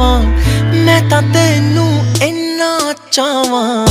ਜਾਵਾਂ ਮੈਂ ਤਾਂ ਤੈਨੂੰ ਇੰਨਾ ਚਾਹਾਂ